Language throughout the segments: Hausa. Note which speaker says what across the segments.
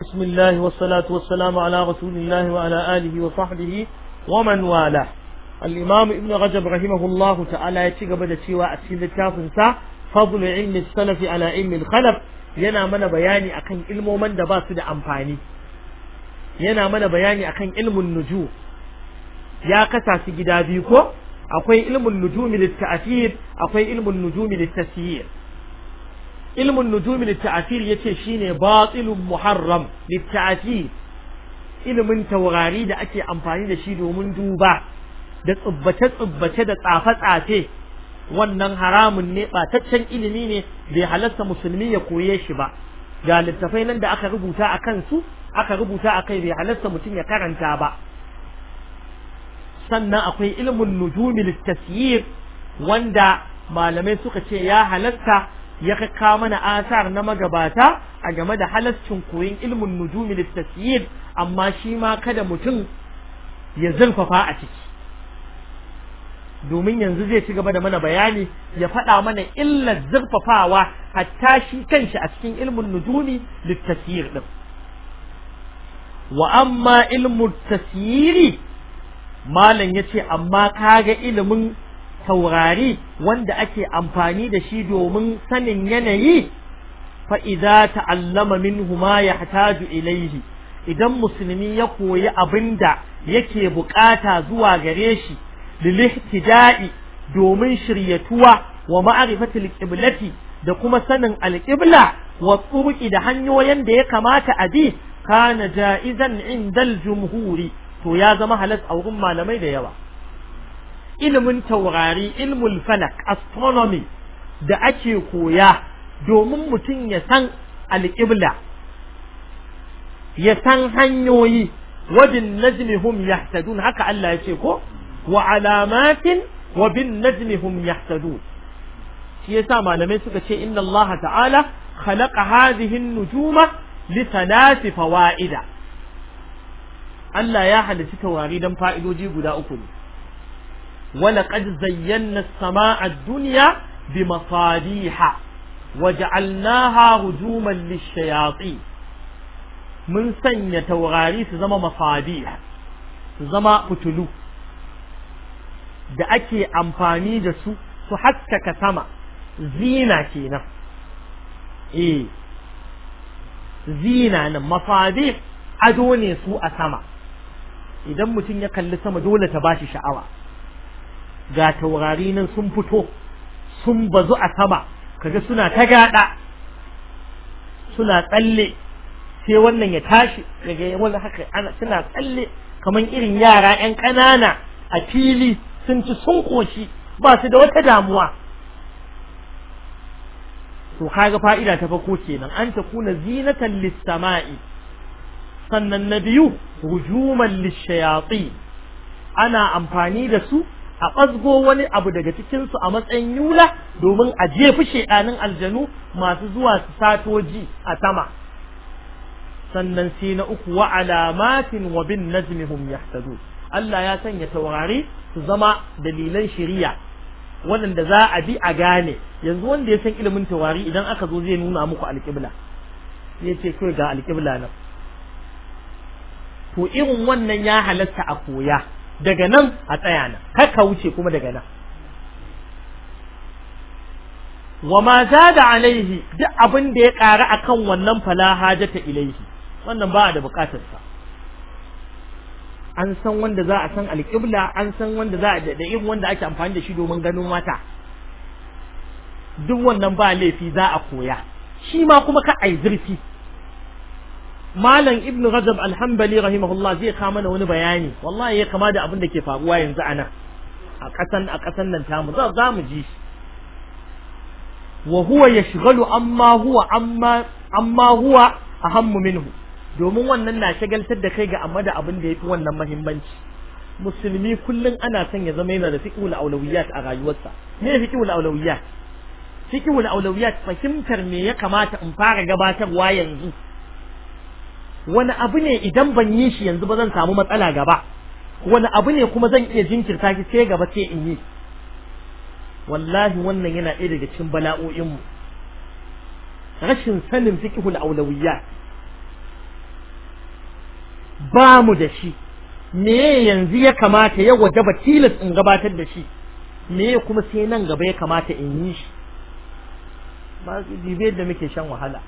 Speaker 1: بسم الله والصلاة والسلام على رسول الله وعلى آله وصحبه ومن والاه الإمام ابن رجب رحمه الله تعالى يتشغب دتشيوى أتشين التافن سا فضل علم السلف على علم الخلف yana mana bayani akan ilmoman da ba su da amfani yana mana bayani akan ilmun nuju ya kasa su gida biyu ko akwai ilmun nujumi litta'thir akwai ilmun nujumi littasir ilmin nujumi litta'asir yace shine batilun muharram litta'asir ilimin taurari da ake amfani da shi domin duba da tsubbace tsubbace da tsafe tsafe wannan haramun ne taccen ilimi ne bai halarta musulmi ya koye shi ba ga littafai nan da aka rubuta a kansu aka rubuta a kai bai halarta mutum ya karanta ba sannan akwai ilimin nujumi littasyir wanda malamai suka ce ya halarta ya kakka mana asar na magabata a game da halascin koyon ilmin nujumi littattiyid amma shi ma kada mutum ya zurfafa a ciki domin yanzu zai ci gaba da mana bayani ya faɗa mana illar zurfafawa hatta shi kanshi a cikin ilmin nujumi littafiyar ɗin. wa amma ilmin tasiri malam yace amma kaga ilimin taurari wanda ake amfani da shi domin sanin yanayi fa idza ta'allama minhu ma yahtaju ilayhi idan musulmi ya koyi abinda yake bukata zuwa gare shi lilihtida'i domin shiryatuwa wa ma'rifatil qiblati da kuma sanin alqibla wa turuqi da hanyoyin da ya kamata a bi kana jaizan indal jumhuri to ya zama halas a wurin malamai da yawa ilimin taurari ilmul falak astronomy da ake koya domin mutum ya san alƙibla ya san hanyoyi wabin najmihum yahtadun haka Allah ya ce ko wa alamatin wa bin najmihum yahtadun shi yasa malamai suka ce inna Allah ta'ala khalaqa hadhihi nujuma li thalathi fawaida Allah ya halitta taurari don fa'idoji guda uku ne ولقد زينا السماء الدنيا بمصابيح وجعلناها هجوما للشياطين mun sanya taurari su zama mafadih su zama fitulu da ake amfani da su su haskaka sama zina kenan eh zina nan mafadih ado ne su a sama idan mutum ya kalli sama dole ta bashi sha'awa ga taurari nan sun fito sun bazu a sama kaga suna ta gada suna tsalle sai wannan ya tashi daga wani haka suna tsalle kamar irin yara yan ƙanana a fili sun ci sun koshi ba su da wata damuwa to kaga fa'ida ta farko kenan an ta kuna zinatan lissama'i sannan na biyu hujuman lishayatsi ana amfani da su a ɓasgo wani abu daga cikinsu a matsayin yula domin a jefi shaidanin aljanu masu zuwa su satoji a sama sannan sai na uku wa alamatin wa bin najmi yahtadu Allah ya sanya taurari su zama dalilan shiriya waɗanda za a bi a gane yanzu wanda ya san ilimin taurari idan aka zo zai nuna muku alƙibla ya ce kai ga alƙibla nan to irin wannan ya halatta a koya daga nan a tsaya nan kar wuce kuma daga nan wa ma da alaihi duk abin da ya ƙara akan wannan fala hajata ilaihi wannan ba da buƙatar sa an san wanda za a san alƙibla an san wanda za a da irin wanda ake amfani da shi domin ganin mata duk wannan ba laifi za a koya shi ma kuma ka yi zurfi malam ibn rajab alhambali rahimahullah zai kama mana wani bayani wallahi ya kama da abin da ke faruwa yanzu a nan a ƙasan a ƙasan nan tamu za mu ji wa huwa yashghalu amma huwa amma amma huwa ahammu minhu domin wannan na shagaltar da kai ga amma da abin da fi wannan muhimmanci musulmi kullum ana son ya zama yana da fiqhul awlawiyat a rayuwarsa me fiqhul awlawiyat fiqhul awlawiyat fahimtar me ya kamata in fara gabatarwa yanzu wani abu ne idan ban yi shi yanzu ba zan samu matsala gaba wani abu ne kuma zan iya jinkirta shi sai gaba sai in yi wallahi wannan yana ɗaya daga cikin bala'o'in mu rashin sanin fiqhul aulawiyya ba mu da shi me yanzu ya kamata ya wajaba tilas in gabatar da shi me kuma sai nan gaba ya kamata in yi shi ba da muke shan wahala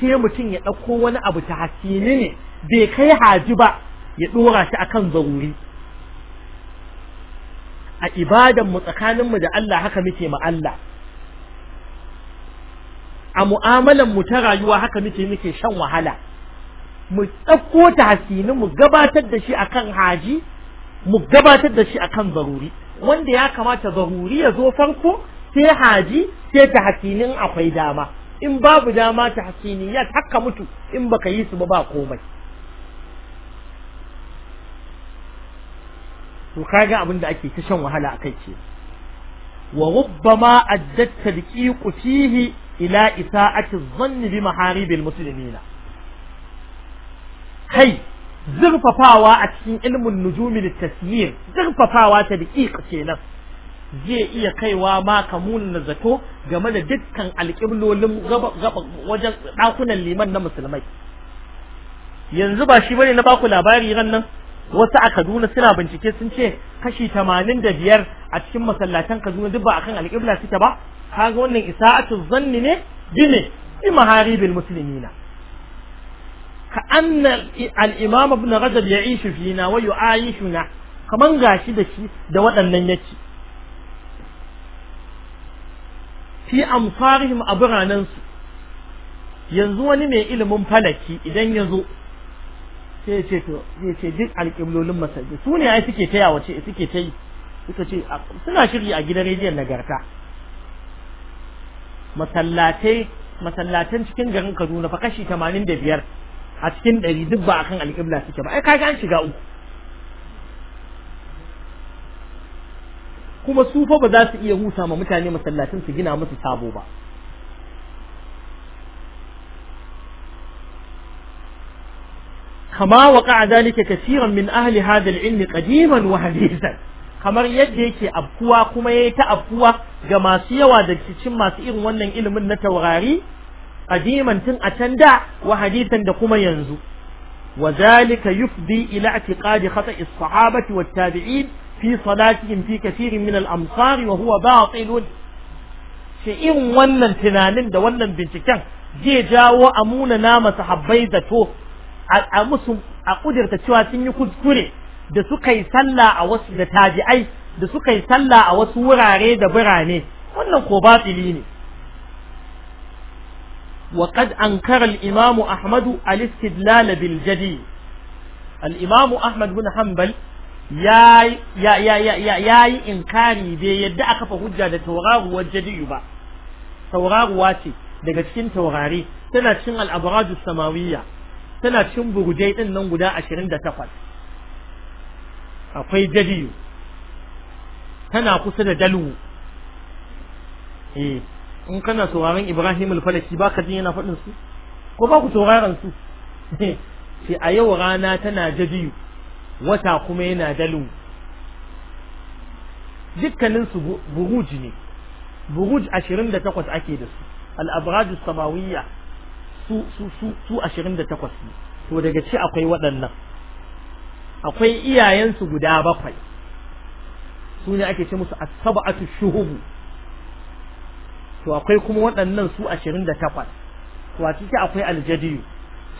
Speaker 1: sai mutum ya ɗauko wani abu ta hasini ne bai kai haji ba ya ɗora shi akan zauri a ibadan mu tsakanin mu da Allah haka muke ma Allah a mu'amalan mu ta rayuwa haka muke muke shan wahala mu ɗauko ta hasini mu gabatar da shi akan haji mu gabatar da shi akan zaruri wanda ya kamata zaruri ya zo farko sai haji sai ta hasinin akwai dama in babu dama ta hasiniyat haka mutu in baka yi su ba ba komai to kaga abin da ake ta shan wahala akai ce wa rubbama addat tadqiqu fihi ila isa'ati adh-dhann bi Al-Musulmi na. kai zurfafawa a cikin ilmin nujumin tasmir zurfafawa tadqiq kenan zai iya kaiwa ma ka munana zato game da dukkan alƙiblolin wajen ɗakunan liman na musulmai yanzu ba shi bane na baku labari ran nan wasu a Kaduna suna bincike sun ce kashi tamanin da biyar a cikin masallatan Kaduna duk ba akan alƙibla suke ba kaga wannan isa'atu zanni ne bime bi maharibil muslimina ka anna al-imam ibn rajab ya'ishu fina wa yu'ayishuna kaman gashi da shi da waɗannan yake fi amfarihim a biranensu yanzu wani mai ilimin falaki idan ya zo sai ce to zai ce duk alƙiblolin masajid su ne ai suke taya wace suke ta yi suka ce suna shiri a gidan rediyon nagarta masallatai masallatan cikin garin Kaduna fa kashi 85 a cikin 100 duk ba akan alƙibla suke ba ai kaga an shiga uku kuma su fa ba za su iya huta ma mutane masallacin su gina musu sabo ba kama waka a zalika kasiran min ahli hadal ilmi qadiman wa hadisan kamar yadda yake afkuwa kuma yayi ta afkuwa ga masu yawa da cikin masu irin wannan ilimin na taurari qadiman tun a can da wa hadisan da kuma yanzu ila, يفضي إلى اعتقاد خطأ الصحابة والتابعين fi salatihim fi kathirin min al wa huwa batil shi in wannan tunanin da wannan binciken zai jawo amuna na masahabbai zato a musu a kudirta cewa sun yi kuskure da suka yi sallah a wasu da tabi'ai da suka yi sallah a wasu wurare da birane wannan ko batili ne وقد أنكر الإمام أحمد الاستدلال بالجدي الإمام أحمد بن حنبل ya ya ya ya ya yi inkari bai yadda aka fa hujja da tauraruwar jadiyu ba tauraruwa ce daga cikin taurari tana cikin al'abraju samawiyya tana cikin burujai din nan guda 28 akwai jadiyu tana kusa da dalu eh in kana sauraron Ibrahim al-Falaki ka jin yana faɗin su ko ba ku sauraron su sai eh, a yau rana tana jadiyu. wata kuma yana dalu dukkaninsu buruj ne buruj ashirin da takwas ake da su al'abrajus samawiyya su su su ashirin da takwas ne to daga ci akwai waɗannan akwai iyayensu guda bakwai su ne ake ce musu as-sab'atu shuhubu to akwai kuma waɗannan su ashirin da takwas to a ciki akwai aljadiyu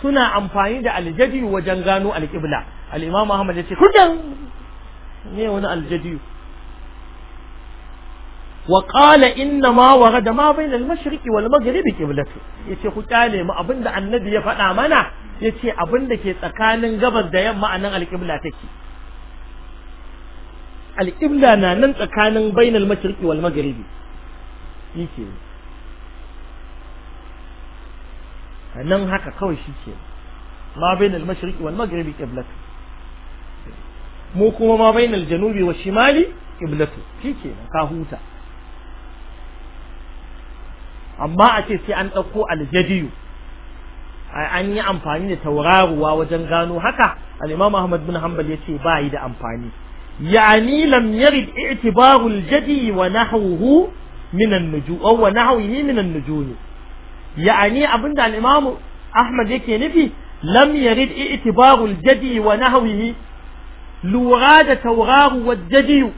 Speaker 1: suna amfani da aljadi wajen gano alƙibla al'imam ahmad ya ce kudan ne wani aljadi wa qala inna ma warada ma bainal mashriqi wal maghribi qiblatu yace ku kyale mu abinda annabi ya faɗa mana yace abinda ke tsakanin gabas da yamma anan alqibla take alqibla na nan tsakanin bainal mashriqi wal maghribi yake nan haka kawai shi ke ma bainal mashriqi wal maghribi qiblatu mu kuma ma bainal janubi wa shimali qiblatu shi ke ka huta amma a ce sai an ɗauko aljadiyu an yi amfani da tauraruwa wajen gano haka al-imam Ahmad bin Hanbal yace ba yi da amfani ya'ani lam yarid i'tibaru al-jadi wa nahwuhu min an-nujum wa nahwihi min an-nujum Yani abinda al-Imam Ahmad yake nufi lam yarid i'tibarul jadi wa nahwihi lura da tauraruwar jadiyu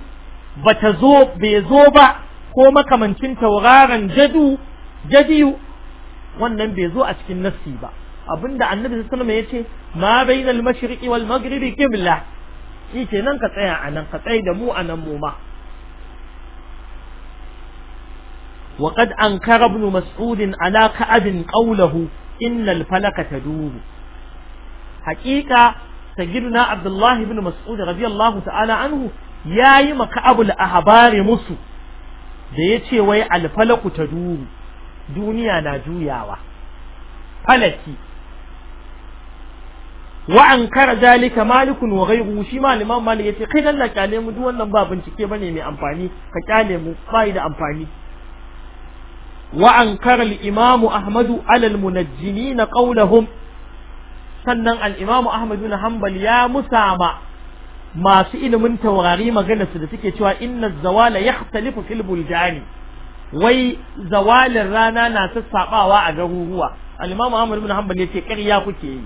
Speaker 1: bata zo bai zo ba ko makamancin tauraron jadu jadiyu wannan bai zo a cikin nassi ba abinda annabi sallallahu ya ce yace ma bainal mashriqi wal maghribi qibla shi kenan ka tsaya anan ka tsaya da mu anan mu ma وقد أنكر ابن مسعود على كعب قوله إن الفلك تدور حقيقة سجلنا عبد الله بن مسعود رضي الله تعالى عنه يا يما كعب الأحبار مسو da ya ce wai alfalaku ta duru duniya na juyawa falaki
Speaker 2: wa an kara dalika
Speaker 1: wa ghayru shi ma liman malik kai dan la kyale mu duk wannan ba bincike bane mai amfani ka kyale mu bai da amfani وأنكر الإمام أحمد على المنجمين قولهم sannan al'imamu Ahmad bin Hanbal ya musama masu ilimin taurari maganarsu da suke cewa inna zawala ya talifu fil buljani wai zawalin rana na sassaɓawa a garuruwa al'imamu Ahmad bin ya ce ƙarya kuke yi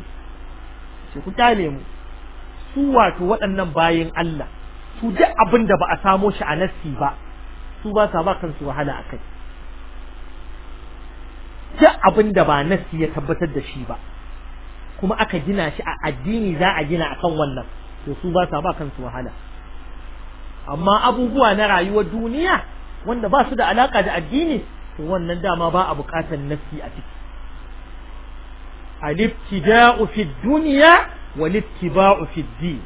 Speaker 1: ce ku kyale su wato waɗannan bayan Allah su duk abin da ba a samo shi a nassi ba su ba sa kansu wahala a kai duk abin da ba nasi ya tabbatar da shi ba kuma aka gina shi a addini za a gina akan wannan to su ba sa ba kansu wahala amma abubuwa na rayuwar duniya wanda ba su da alaka da addini to wannan dama ba a bukatar nasi a ciki al-ibtida'u fi dunya wal ittiba'u fi din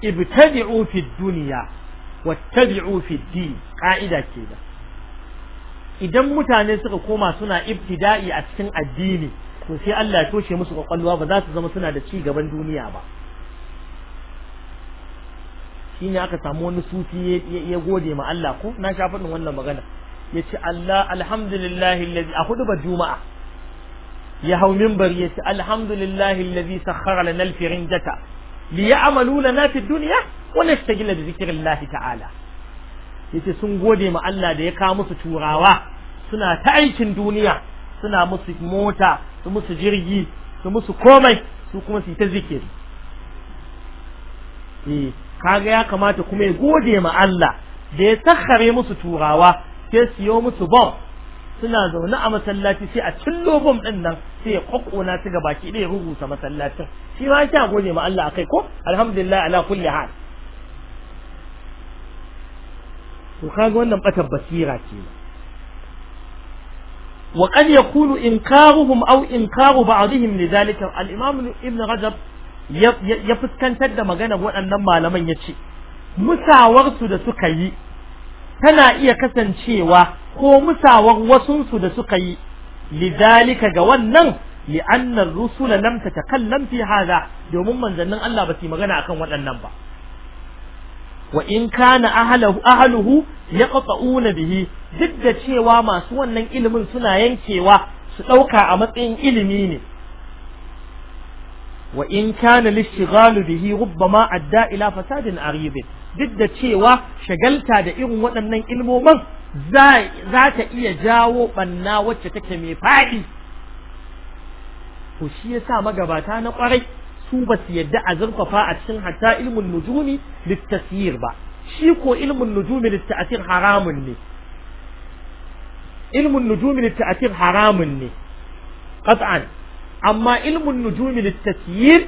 Speaker 1: ibtadi'u fi dunya wattabi'u fi din ka'ida kenan idan mutane suka koma suna ibtida'i a cikin addini to sai Allah ya toshe musu kwakwalwa ba za su zama suna da ci gaban duniya ba shine aka samu wani sufi ya gode ma Allah ko na sha faɗin wannan magana yace Allah alhamdulillahi allazi a hudu ba juma'a ya hau minbar yace alhamdulillahi allazi sakhara lana duniya liya'malu lana fi dunya wa nastagila bi zikrillahi ta'ala yace sun gode ma Allah da ya kawo musu turawa suna ta aikin duniya suna musu mota su musu jirgi su musu komai su kuma su ta zikiri eh kaga ya kamata kuma ya gode ma Allah da ya sakhare musu turawa sai su yi musu bomb suna zaune a masallaci sai a cillo bom din nan sai ya kokona su ga baki ɗaya rubuta masallacin shi ma ya gode ma Allah akai ko alhamdulillah ala kulli hal to kaga wannan batar basira ce wa qad yakunu inkaruhum aw inkaru ba'dihim lidhalika al-imam ibn rajab ya fuskantar da maganar waɗannan malaman yace musawarsu da suka yi tana iya kasancewa ko musawar wasunsu da suka yi lidhalika ga wannan li'anna ar-rusula lam tatakallam fi hadha domin manzannin Allah ba su magana akan waɗannan ba wa in kana ahlahu ahluhu yaqta'una bihi duk da cewa masu wannan ilimin suna yankewa su dauka a matsayin ilimi ne wa in kana lishtighalu bihi rubbama adda ila fasadin arib duk da cewa shagalta da irin waɗannan ilmoman za ta iya jawo banna wacce take mai fadi ku shi yasa magabata na kwarai su ba su yadda a zurfafa a cikin hatta ilmin nujumi littasir ba shi ko ilmin nujumi littasir haramun ne ilmin nujumi littasir haramun ne qat'an amma ilmin nujumi littasir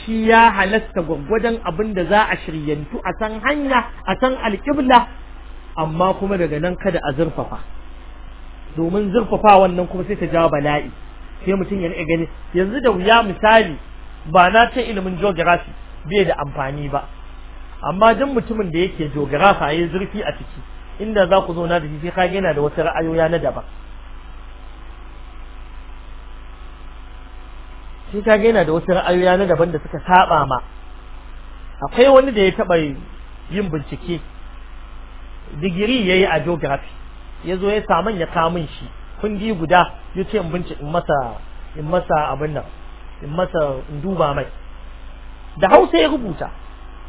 Speaker 1: shi ya halatta gwaggwajen abin da za a shiryantu a san hanya a san alƙibla amma kuma daga nan kada a zurfafa domin zurfafa wannan kuma sai ta jawo bala'i sai mutum ya gani yanzu da wuya misali ba na ce ilimin geography bai da amfani ba amma duk mutumin da yake geography yayin zurfi a ciki inda za ku na da shi kage da wata ra'ayoyi na daban shi kage yana da wasu ra'ayoya na daban da suka saba ma akwai wani da ya taba yin bincike digiri yayi a geography yazo ya samu ya kamun shi kundi guda yace in bincike in masa in masa abin nan in masa in duba mai da hausa ya rubuta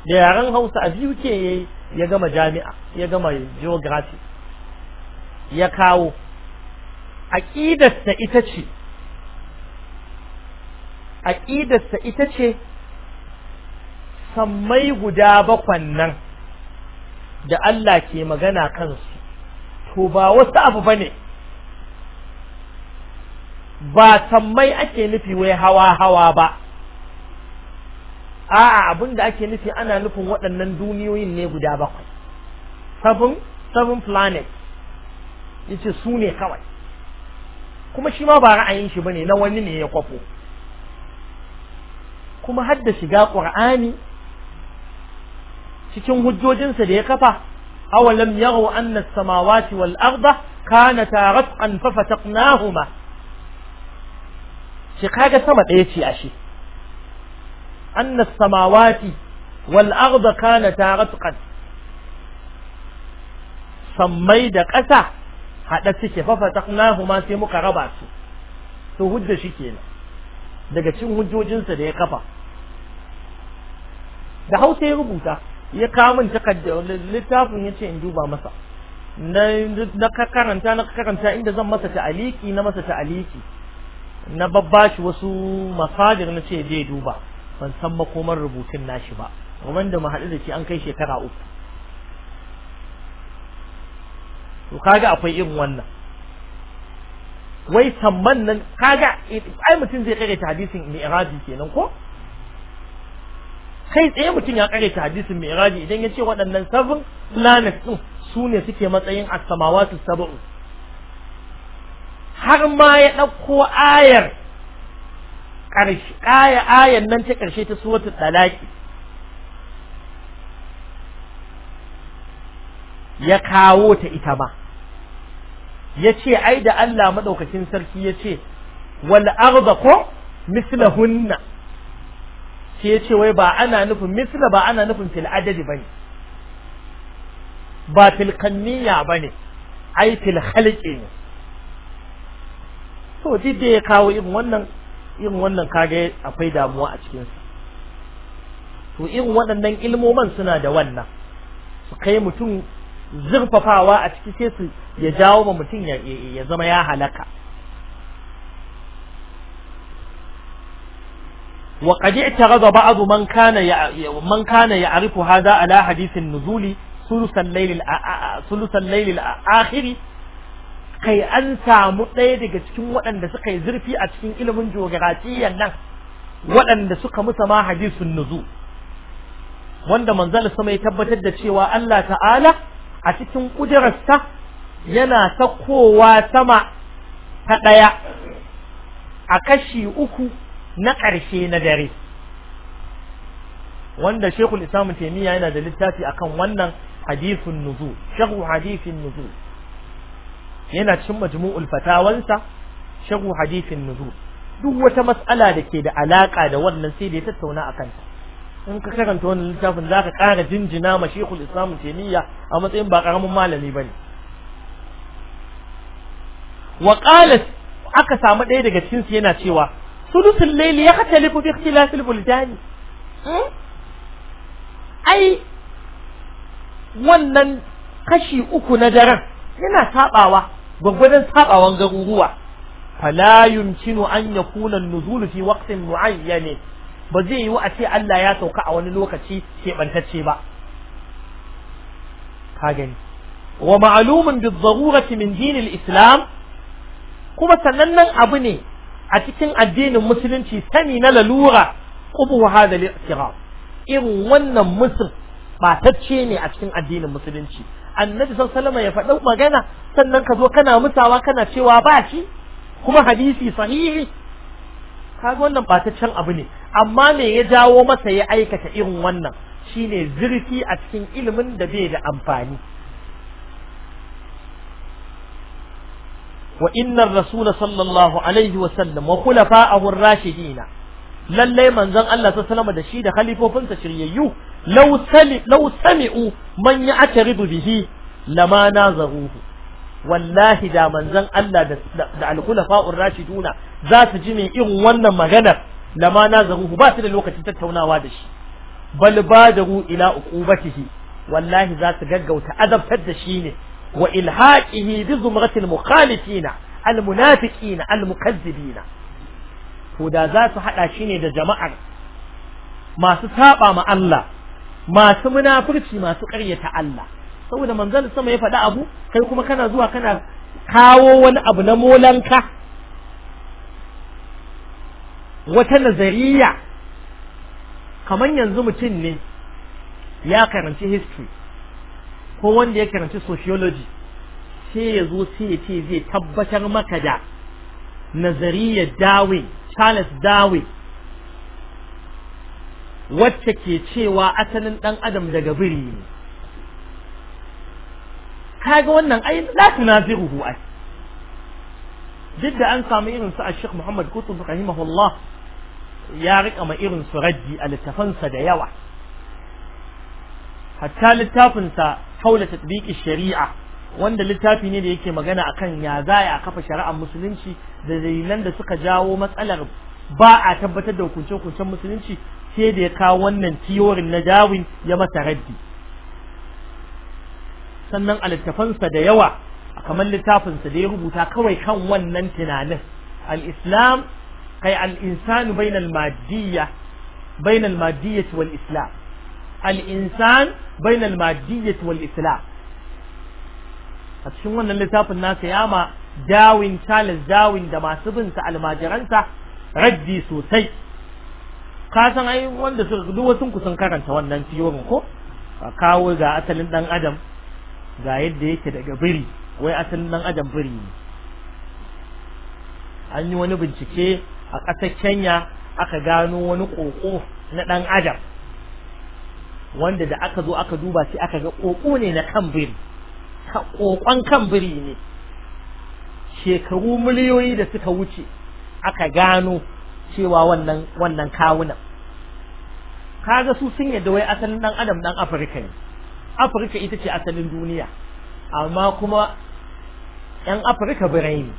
Speaker 1: da yaren hausa a biyu ke ya gama jami'a ya gama geography ya kawo aƙidarsa ita ce aƙidarsa ita ce sammai guda bakwan nan da Allah ke magana kansu to ba wasu abu bane ne ba sammai ake nufi wai hawa hawa ba a'a abin da ake nufi ana nufin waɗannan duniyoyin ne guda bakwai seven seven planets yace su ne kawai kuma shi ma ba ra'ayin shi bane na wani ne ya kwafo kuma har da shiga qur'ani cikin hujjojinsa da ya kafa awalam yaru anna as-samawati wal an kanata fa fataqnahuma ce kaga sama ɗaya ce ashe anna samawati wal arda kanata ratqan sammai da ƙasa haɗa suke fafataqnahu ma sai muka raba su to hujja shi kenan daga cin hujjojinsa da ya kafa da hausa ya rubuta ya kawo min takardar littafin ya ce in duba masa na karanta na karanta inda zan masa aliki na masa ta'aliki na babbashi wasu masajir na ce zai duba ban san makomar rubutun nashi ba wanda mu haɗu da shi an kai shekara uku to kaga akwai irin wannan wai samman nan kaga ai mutum zai kare ta hadisin iradi kenan ko kai tsaye mutum ya kare ta mai iradi idan ya ce waɗannan sabon planets din su ne suke matsayin as-samawati sab'u har ma ya ɗauko ayar ƙaya ayan nan ta ƙarshe ta suratul talaki ya kawo ta ita ma ya ce ai da Allah maɗaukakin sarki ya ce wal arda ko mislahunna sai ya ce wai ba ana nufin misla ba ana nufin fil adadi bane ba fil kanniya bane ai fil khalqi ne so duk da ya kawo irin wannan irin wannan kage akwai damuwa a cikin sa to irin waɗannan ilmoman suna da wannan su kai mutum zurfafawa a ciki sai su ya jawo ma mutum ya zama ya halaka وقد اعترض بعض من man من ya يعرف هذا على حديث النزول ثلث الليل ثلث الليل kai an samu ɗaya daga cikin waɗanda suka yi zurfi a cikin ilimin jogarafiyan nan waɗanda suka musa ma hadisun nuzu wanda manzal sama ya tabbatar da cewa Allah ta'ala a cikin kujerarsa yana sakowa sama ta ɗaya a kashi uku na ƙarshe na dare wanda shekul islamun taimiyya yana da littafi akan wannan hadisun nuzu shahu hadisin nuzu yana cikin majmu'ul fatawansa shagu hadisin nuzul duk wata mas'ala da ke da alaka da wannan sai da ya tattauna a kanta in ka karanta wannan littafin za ka ƙara jinjina ma shekul islam taimiyya a matsayin ba ƙaramin malami ba ne wa aka samu ɗaya daga cikinsu yana cewa sulusun laili ya hata liku fi ikhtilafil buldani hmm? ai wannan kashi uku na daren yana sabawa gwagwadon sabawan garuruwa fala yumkinu an yakuna an-nuzul fi waqtin muayyan ba zai yi a ce Allah ya sauka a wani lokaci keɓantacce ba ka gani wa ma'lumun bi darurati min dinil islam kuma sanannen abu ne a cikin addinin musulunci sani na lalura qubu hadha al-i'tiraf irin wannan musul batacce ne a cikin addinin musulunci annabi sallallahu ya faɗa magana sannan ka zo kana mutawa kana cewa ba shi kuma hadisi sahihi kaga wannan bataccen abu ne amma me ya jawo masa ya aikata irin wannan shine zirki a cikin ilimin da bai da amfani wa innar rasula sallallahu alaihi wa sallam wa khulafa'ahu ar-rashidina lallai manzon Allah sallallahu alaihi wasallam da shi da sa shiryayyu law sami law sami'u man ya'taridu bihi lama nazaruhu wallahi da manzon Allah da da al-khulafa'ur rashiduna za su ji min irin wannan maganar lama nazaruhu ba su da lokacin tattaunawa da shi bal badaru ila uqubatihi wallahi za su gaggauta azabtar da shi ne wa ilhaqihi bi zumratil mukhalifina al munafiqina al mukazzibina to da za su haɗa shi ne da jama'ar masu saba ma Allah masu munafurci masu ƙaryata Allah saboda manzon sama ya faɗi abu kai kuma kana zuwa kana kawo wani abu na molanka wata nazariya kamar yanzu mutum ne ya karanci history ko wanda ya karanci sociology sai ya zo sai ya ce zai tabbatar maka da nazariyar Darwin Charles Darwin wacce ke cewa asalin ɗan adam daga biri ne kaga wannan ai la tunaziruhu ai duk da an samu irin su a Sheikh Muhammad Qutb rahimahullah ya rika ma irin su raddi a littafansa da yawa hatta littafinsa haula tatbikin shari'a wanda littafi ne da yake magana akan ya zaya a kafa shari'ar musulunci da dalilan da suka jawo matsalar ba a tabbatar da hukunce-hukuncen musulunci sai da ya kawo wannan tiyorin na Darwin ya masa raddi sannan a littafansa da yawa kamar littafinsa da ya rubuta kawai kan wannan tunanin al-islam kai al-insanu bainal madiyya bainal madiyyati wal Isla. al-insan wal islam a cikin wannan littafin nasa ya ma dawin Charles Darwin da masu bin sa almajiransa raddi sosai ka san ai wanda su duk wasu ku sun karanta wannan tiyorin ko ka kawo ga asalin dan adam ga yadda yake daga biri wai asalin dan adam biri ne an yi wani bincike a ƙasar Kenya aka gano wani ƙoƙo na ɗan adam wanda da aka zo aka duba shi aka ga ƙoƙo ne na kan biri kokon kan biri ne shekaru miliyoyi da suka wuce aka gano cewa wannan wannan kawunan kaga su sun yadda wai asalin dan adam dan afirka ne afirka ita ce asalin duniya amma kuma yan afirka birai ne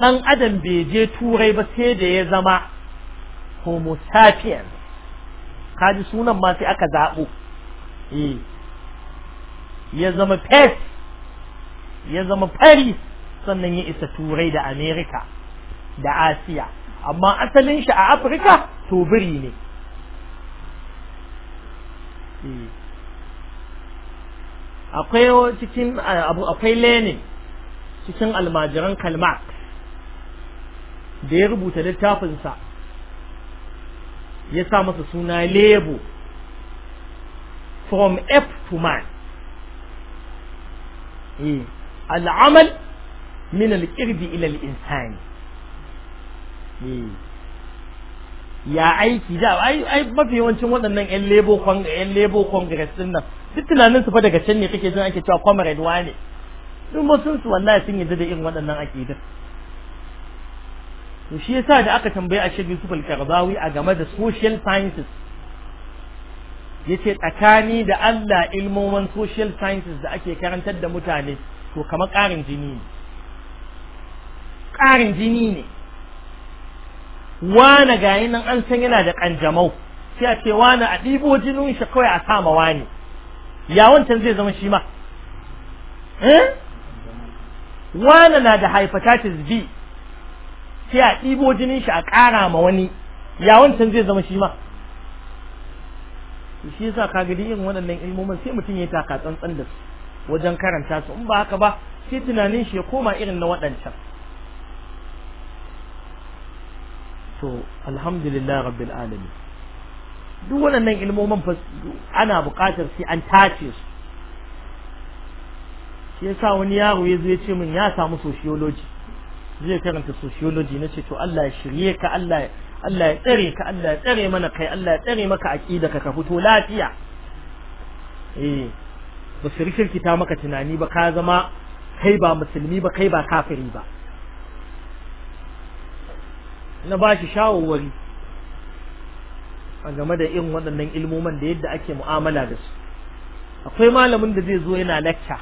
Speaker 1: dan adam bai je turai ba sai da ya zama homo sapiens kaji sunan ma sai aka zaɓo eh ya zama fes ya zama fari sannan ya isa turai da amerika da asiya amma asalin shi a afirka to biri ne eh. akwai cikin eh, abu akwai lenin cikin almajiran kalmar da ya rubuta littafinsa ya sa masa suna lebo from f to man al'amal min al-qirbi ila al-insani ya aiki da ai ai mafi yawancin waɗannan ƴan lebo kwan ƴan lebo congress din fa daga can ne kake jin ake cewa comrade wane duk mutum su wallahi sun yadda da irin waɗannan aqidar to shi yasa da aka tambayi a Sheikh Yusuf a game da social sciences yace tsakani da Allah ilmomin social sciences da ake karantar da mutane to kamar ƙarin jini ne ƙarin jini ne wane gayi nan an san yana da ƙanjamau sai a ce wane a ɗibo jinin shi kawai a sama wani ya wancan zai zama shi ma eh wane na da hepatitis B sai a ɗibo jinin shi a ƙara ma wani ya wancan zai zama shi ma shi yasa kaga duk irin waɗannan ilmomin sai mutum ya taka tsantsan da su wajen karanta su in ba haka ba sai tunanin shi ya koma irin na waɗancan to alhamdulillah rabbil alamin duk waɗannan ilmomin fa ana buƙatar sai an tace su shi yasa wani yaro ya zo ya ce min ya samu sociology zai karanta sociology na ce to Allah ya shirye ka Allah Allah ya tsare ka Allah ya tsare mana kai Allah ya tsare maka aqida ka ka fito lafiya eh ba su rikirkita maka tunani ba ka zama kai ba musulmi ba kai ba kafiri ba na ba shi shawarwari a game da irin waɗannan ilmoman da yadda ake mu'amala da su akwai malamin da zai zo yana lecture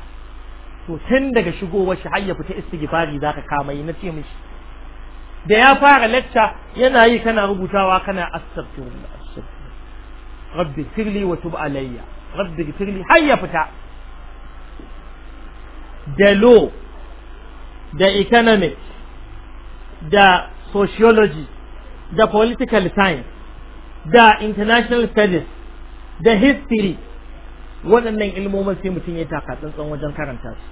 Speaker 1: to tun daga shigowar shi har ya fita istighfari zaka kama yi na ce mishi da ya fara lecture yana yi kana rubutawa kana astaghfirullah astaghfirullah rabbi firli wa tub alayya rabbi firli har ya fita da law da economics da sociology da political science da international studies da history waɗannan ilmomin sai mutum ya taka tsantsan wajen karanta su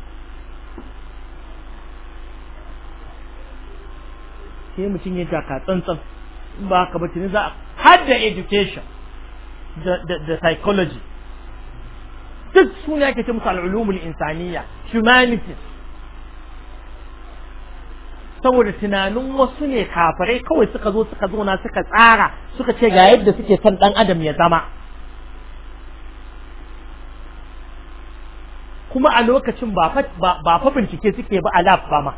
Speaker 1: sai mutum ya taka tsantsan ba ka ba tuni za a har education da psychology duk suna ake ce musu al'ulumul insaniya humanities saboda tunanin wasu ne kafirai kawai suka zo suka zauna suka tsara suka ce ga yadda suke son dan adam ya zama kuma a lokacin ba fa bincike suke ba a lab ba ma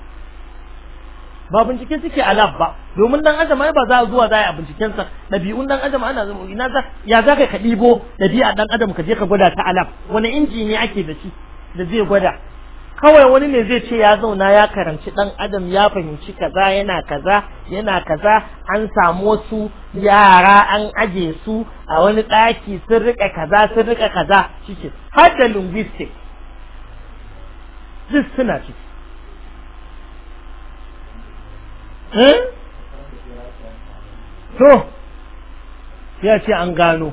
Speaker 1: ba bincike suke a lab ba domin dan adam ai ba za a zuwa za a binciken sa dabi'un dan adam ana zama ina za ya za ka dabi'a dan adam ka je ka gwada ta a lab wani inji ne ake da shi da zai gwada kawai wani ne zai ce ya zauna ya karanci dan adam ya fahimci kaza yana kaza yana kaza an samu su yara an aje su a wani ɗaki sun rika kaza sun rika kaza ce har da linguistics duk suna ciki Eh? to ya ce an gano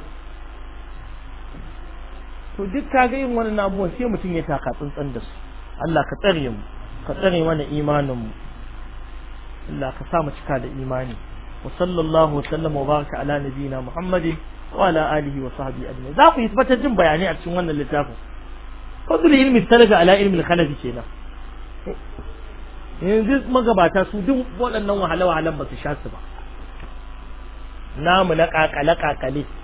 Speaker 1: to duk kaga yin wani abubuwan sai mutum ya taka tsuntsun da su Allah ka tsare mu ka tsare mana imanin mu Allah ka sa mu cika da imani wa sallallahu wa sallam wa baraka ala nabiyina muhammadin wa ala alihi wa sahbihi ajma'in za ku yi tabbatar jin bayani a cikin wannan littafin fadlul ilmi talaga ala ilmi al-khalafi kenan yanzu magabata su duk waɗannan wahala-wahalan ba su sha su ba namu na kakale-kakale